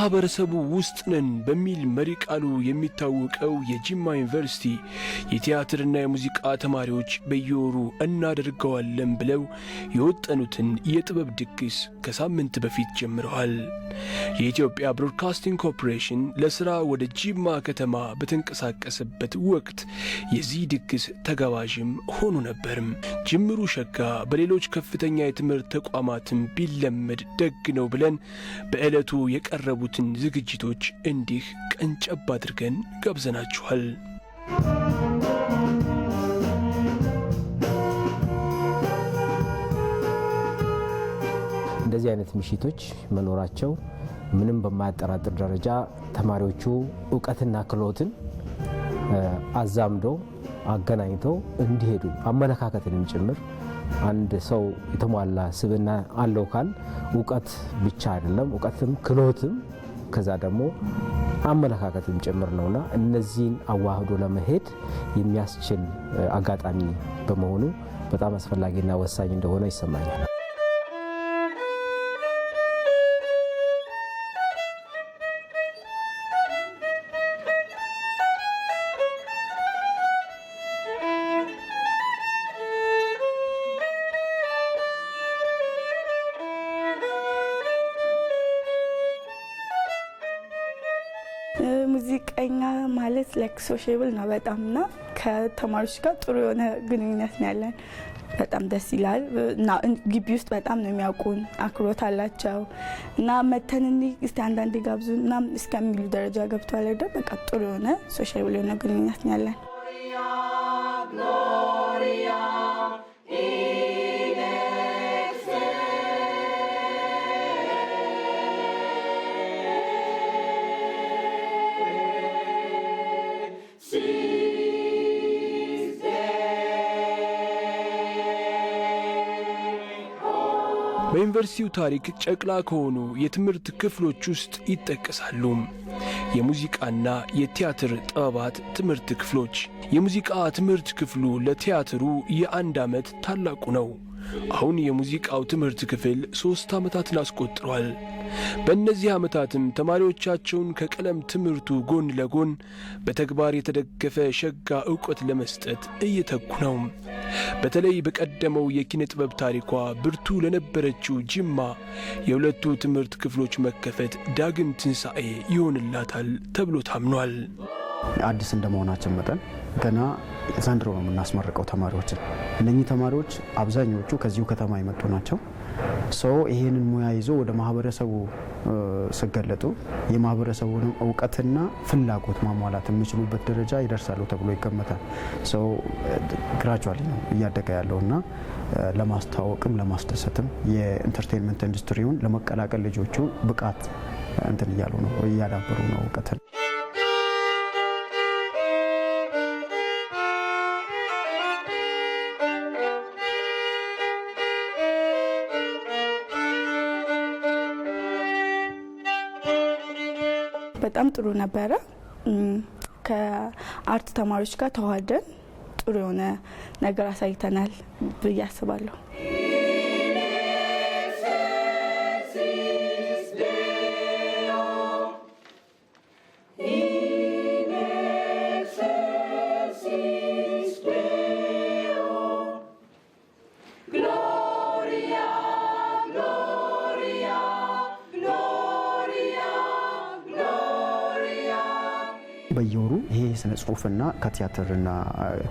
በማህበረሰቡ ውስጥ ነን በሚል መሪ ቃሉ የሚታወቀው የጂማ ዩኒቨርሲቲ የቲያትርና የሙዚቃ ተማሪዎች በየወሩ እናደርገዋለን ብለው የወጠኑትን የጥበብ ድግስ ከሳምንት በፊት ጀምረዋል። የኢትዮጵያ ብሮድካስቲንግ ኮርፖሬሽን ለሥራ ወደ ጂማ ከተማ በተንቀሳቀሰበት ወቅት የዚህ ድግስ ተጋባዥም ሆኑ ነበርም። ጅምሩ ሸጋ በሌሎች ከፍተኛ የትምህርት ተቋማትን ቢለመድ ደግ ነው ብለን በዕለቱ የቀረቡት ያሉትን ዝግጅቶች እንዲህ ቀንጨብ አድርገን ጋብዘናችኋል። እንደዚህ አይነት ምሽቶች መኖራቸው ምንም በማያጠራጥር ደረጃ ተማሪዎቹ እውቀትና ክህሎትን አዛምዶ አገናኝተው እንዲሄዱ አመለካከትንም ጭምር አንድ ሰው የተሟላ ስብዕና አለው ካል እውቀት ብቻ አይደለም፣ እውቀትም ክህሎትም ከዛ ደግሞ አመለካከትም ጭምር ነውና እነዚህን አዋህዶ ለመሄድ የሚያስችል አጋጣሚ በመሆኑ በጣም አስፈላጊና ወሳኝ እንደሆነ ይሰማኛል። ሙዚቀኛ ማለት ላይክ ሶሽብል ነው በጣም እና ከተማሪዎች ጋር ጥሩ የሆነ ግንኙነት ነው ያለን። በጣም ደስ ይላል እና ግቢ ውስጥ በጣም ነው የሚያውቁን፣ አክብሮት አላቸው እና መተንኒ እስቲ አንዳንድ ጋብዙ እና እስከሚሉ ደረጃ ገብቷል። በቃ ጥሩ የሆነ ሶሻል የሆነ ግንኙነት ነው ያለን። በዩኒቨርሲቲው ታሪክ ጨቅላ ከሆኑ የትምህርት ክፍሎች ውስጥ ይጠቀሳሉ። የሙዚቃና የቲያትር ጥበባት ትምህርት ክፍሎች። የሙዚቃ ትምህርት ክፍሉ ለቲያትሩ የአንድ ዓመት ታላቁ ነው። አሁን የሙዚቃው ትምህርት ክፍል ሦስት ዓመታትን አስቆጥሯል። በእነዚህ ዓመታትም ተማሪዎቻቸውን ከቀለም ትምህርቱ ጎን ለጎን በተግባር የተደገፈ ሸጋ ዕውቀት ለመስጠት እየተኩ ነው። በተለይ በቀደመው የኪነ ጥበብ ታሪኳ ብርቱ ለነበረችው ጅማ የሁለቱ ትምህርት ክፍሎች መከፈት ዳግም ትንሣኤ ይሆንላታል ተብሎ ታምኗል። አዲስ እንደመሆናችን መጠን ገና ዘንድሮ ነው የምናስመርቀው ተማሪዎችን። እነኚህ ተማሪዎች አብዛኛዎቹ ከዚሁ ከተማ የመጡ ናቸው። ሰው ይሄንን ሙያ ይዞ ወደ ማህበረሰቡ ስገለጡ የማህበረሰቡንም እውቀትና ፍላጎት ማሟላት የሚችሉበት ደረጃ ይደርሳሉ ተብሎ ይገመታል። ሰው ግራጁዋሊ ነው እያደገ ያለውና ለማስተዋወቅም ለማስደሰትም የኢንተርቴንመንት ኢንዱስትሪውን ለመቀላቀል ልጆቹ ብቃት እንትን እያሉ ነው እያዳበሩ ነው እውቀትን ጥሩ ነበረ። ከአርት ተማሪዎች ጋር ተዋህደን ጥሩ የሆነ ነገር አሳይተናል ብዬ አስባለሁ። በየወሩ ይሄ ስነ ጽሁፍና ከቲያትርና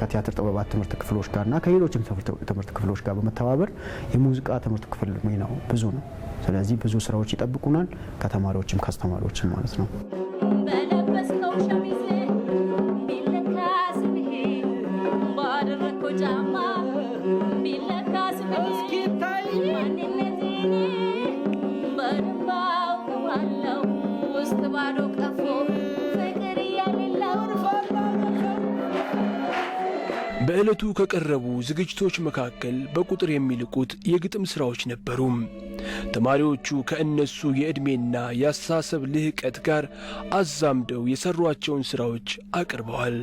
ከቲያትር ጥበባት ትምህርት ክፍሎች ጋርና ከሌሎችም ትምህርት ክፍሎች ጋር በመተባበር የሙዚቃ ትምህርት ክፍል ሚናው ብዙ ነው። ስለዚህ ብዙ ስራዎች ይጠብቁናል ከተማሪዎችም ከአስተማሪዎችም ማለት ነው። በዕለቱ ከቀረቡ ዝግጅቶች መካከል በቁጥር የሚልቁት የግጥም ሥራዎች ነበሩ። ተማሪዎቹ ከእነሱ የዕድሜና የአስተሳሰብ ልህቀት ጋር አዛምደው የሠሯቸውን ሥራዎች አቅርበዋል።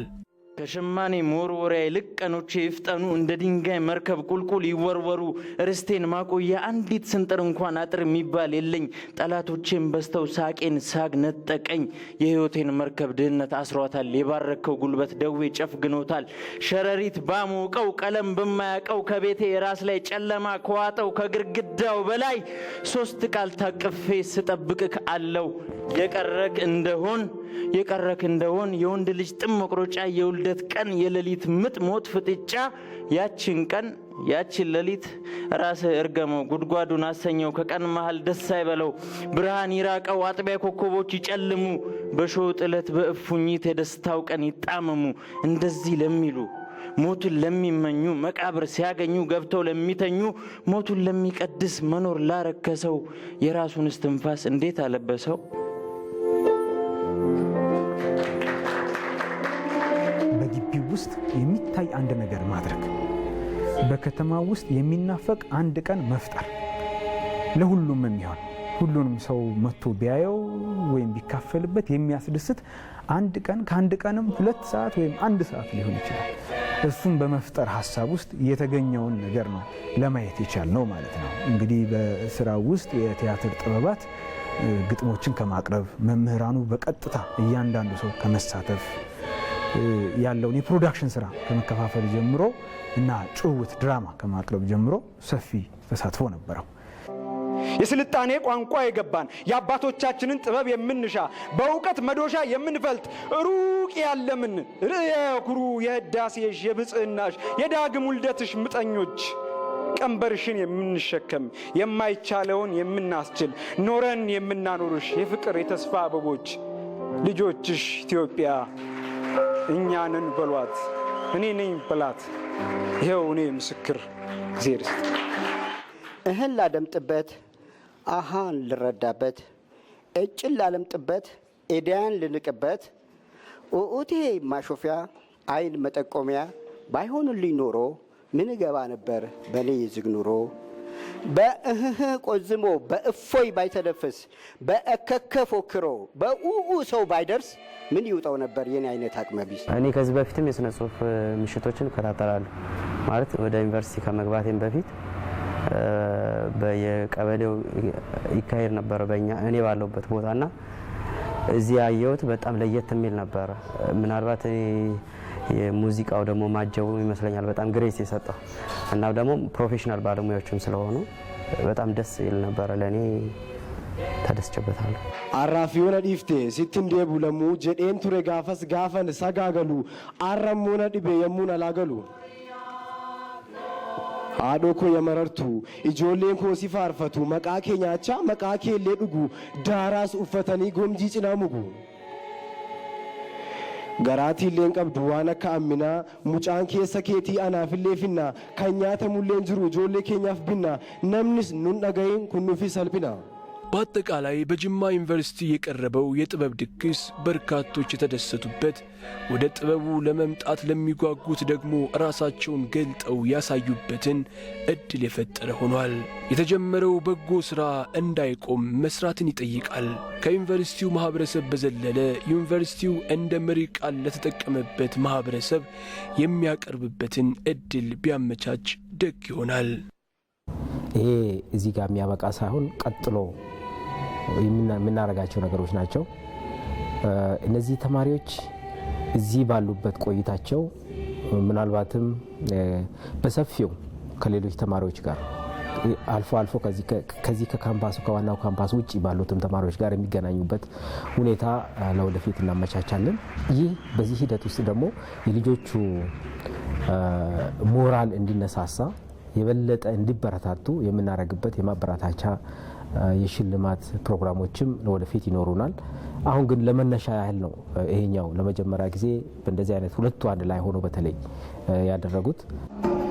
ከሸማኔ መወርወሪያ ይልቅ ቀኖቼ ይፍጠኑ፣ እንደ ድንጋይ መርከብ ቁልቁል ይወርወሩ። ርስቴን ማቆያ አንዲት ስንጥር እንኳን አጥር የሚባል የለኝ። ጠላቶቼን በስተው ሳቄን ሳግ ነጠቀኝ። የህይወቴን መርከብ ድህነት አስሯታል። የባረከው ጉልበት ደዌ ጨፍግኖታል። ሸረሪት ባሞቀው ቀለም በማያቀው ከቤቴ የራስ ላይ ጨለማ ከዋጠው ከግርግዳው በላይ ሶስት ቃል ታቅፌ ስጠብቅህ አለው የቀረክ እንደሆን የቀረክ እንደሆን የወንድ ልጅ ጥም መቁረጫ የውልደት ቀን የሌሊት ምጥ ሞት ፍጥጫ ያችን ቀን ያችን ሌሊት ራስህ እርገመው ጉድጓዱን አሰኘው ከቀን መሃል ደስ አይበለው ብርሃን ይራቀው አጥቢያ ኮከቦች ይጨልሙ በሾህ ጥለት በእፉኝት የደስታው ቀን ይጣመሙ እንደዚህ ለሚሉ ሞቱን ለሚመኙ መቃብር ሲያገኙ ገብተው ለሚተኙ ሞቱን ለሚቀድስ መኖር ላረከሰው የራሱን እስትንፋስ እንዴት አለበሰው የሚታይ አንድ ነገር ማድረግ፣ በከተማ ውስጥ የሚናፈቅ አንድ ቀን መፍጠር ለሁሉም የሚሆን ሁሉንም ሰው መጥቶ ቢያየው ወይም ቢካፈልበት የሚያስደስት አንድ ቀን ከአንድ ቀንም ሁለት ሰዓት ወይም አንድ ሰዓት ሊሆን ይችላል። እሱም በመፍጠር ሀሳብ ውስጥ የተገኘውን ነገር ነው ለማየት ነው ማለት ነው። እንግዲህ በስራው ውስጥ የቲያትር ጥበባት ግጥሞችን ከማቅረብ መምህራኑ በቀጥታ እያንዳንዱ ሰው ከመሳተፍ ያለውን የፕሮዳክሽን ስራ ከመከፋፈል ጀምሮ እና ጭውውት ድራማ ከማቅረብ ጀምሮ ሰፊ ተሳትፎ ነበረው። የስልጣኔ ቋንቋ የገባን የአባቶቻችንን ጥበብ የምንሻ በእውቀት መዶሻ የምንፈልጥ ሩቅ ያለምን ኩሩ፣ የህዳሴሽ የብፅዕናሽ የዳግም ውልደትሽ ምጠኞች ቀንበርሽን የምንሸከም የማይቻለውን የምናስችል ኖረን የምናኖርሽ የፍቅር የተስፋ አበቦች ልጆችሽ ኢትዮጵያ እኛንን በሏት፣ እኔ ነኝ በላት። ይኸው እኔ ምስክር ዜር እህን ላደምጥበት፣ አሃን ልረዳበት፣ እጭን ላለምጥበት፣ ኤዳያን ልንቅበት፣ ኡቴ ማሾፊያ አይን መጠቆሚያ ባይሆኑልኝ ኖሮ ምን ገባ ነበር በእኔ የዝግ ኑሮ በእህህ ቆዝሞ በእፎይ ባይተደፍስ በእከከ ፎክሮ በኡኡ ሰው ባይደርስ ምን ይውጠው ነበር የኔ አይነት ቢስ። እኔ ከዚህ በፊትም የስነ ጽሁፍ ምሽቶችን እከታተላለሁ። ማለት ወደ ዩኒቨርሲቲ ከመግባቴም በፊት በየቀበሌው ይካሄድ ነበረ በእኛ እኔ ባለሁበት ቦታና እዚህ ያየሁት በጣም ለየት የሚል ነበረ። ምናልባት ሙዚቃው ደግሞ ማጀቡ ይመስለኛል በጣም ግሬስ የሰጠው እና ደግሞ ፕሮፌሽናል ባለሙያዎችም ስለሆኑ በጣም ደስ ይል ነበረ ለእኔ ተደስቼበታለሁ። አራፊዮነ ዲፍቴ ሲትን ዴቡ ለሙ ጀዴን ቱሬ ጋፈስ ጋፈን ሰጋገሉ አረሞነ ዲቤ የሙን አላገሉ አዶኮ የመረርቱ ኢጆሌን ኮ ሲፋርፈቱ መቃኬ ኛቻ መቃኬ ሌ ዳራስ ኡፈተኒ ጎምጂ ጭና ሙጉ garaatii illee qabdu waan akka amminaa mucaan keessa keetii anaaf illee finna kan nyaatamullee jiru ijoollee keenyaaf binna namnis nun dhagayin kun nufi salphina. በአጠቃላይ በጅማ ዩኒቨርሲቲ የቀረበው የጥበብ ድግስ በርካቶች የተደሰቱበት፣ ወደ ጥበቡ ለመምጣት ለሚጓጉት ደግሞ ራሳቸውን ገልጠው ያሳዩበትን ዕድል የፈጠረ ሆኗል። የተጀመረው በጎ ሥራ እንዳይቆም መሥራትን ይጠይቃል። ከዩኒቨርሲቲው ማኅበረሰብ በዘለለ ዩኒቨርሲቲው እንደ መሪ ቃል ለተጠቀመበት ማኅበረሰብ የሚያቀርብበትን ዕድል ቢያመቻች ደግ ይሆናል። ይሄ እዚህ ጋር የሚያበቃ ሳይሆን ቀጥሎ የምናደርጋቸው ነገሮች ናቸው። እነዚህ ተማሪዎች እዚህ ባሉበት ቆይታቸው ምናልባትም በሰፊው ከሌሎች ተማሪዎች ጋር አልፎ አልፎ ከዚህ ከካምፓሱ ከዋናው ካምፓስ ውጭ ባሉትም ተማሪዎች ጋር የሚገናኙበት ሁኔታ ለወደፊት እናመቻቻለን። ይህ በዚህ ሂደት ውስጥ ደግሞ የልጆቹ ሞራል እንዲነሳሳ የበለጠ እንዲበረታቱ የምናደርግበት የማበረታቻ የሽልማት ፕሮግራሞችም ወደፊት ይኖሩናል። አሁን ግን ለመነሻ ያህል ነው። ይሄኛው ለመጀመሪያ ጊዜ በእንደዚህ አይነት ሁለቱ አንድ ላይ ሆኖ በተለይ ያደረጉት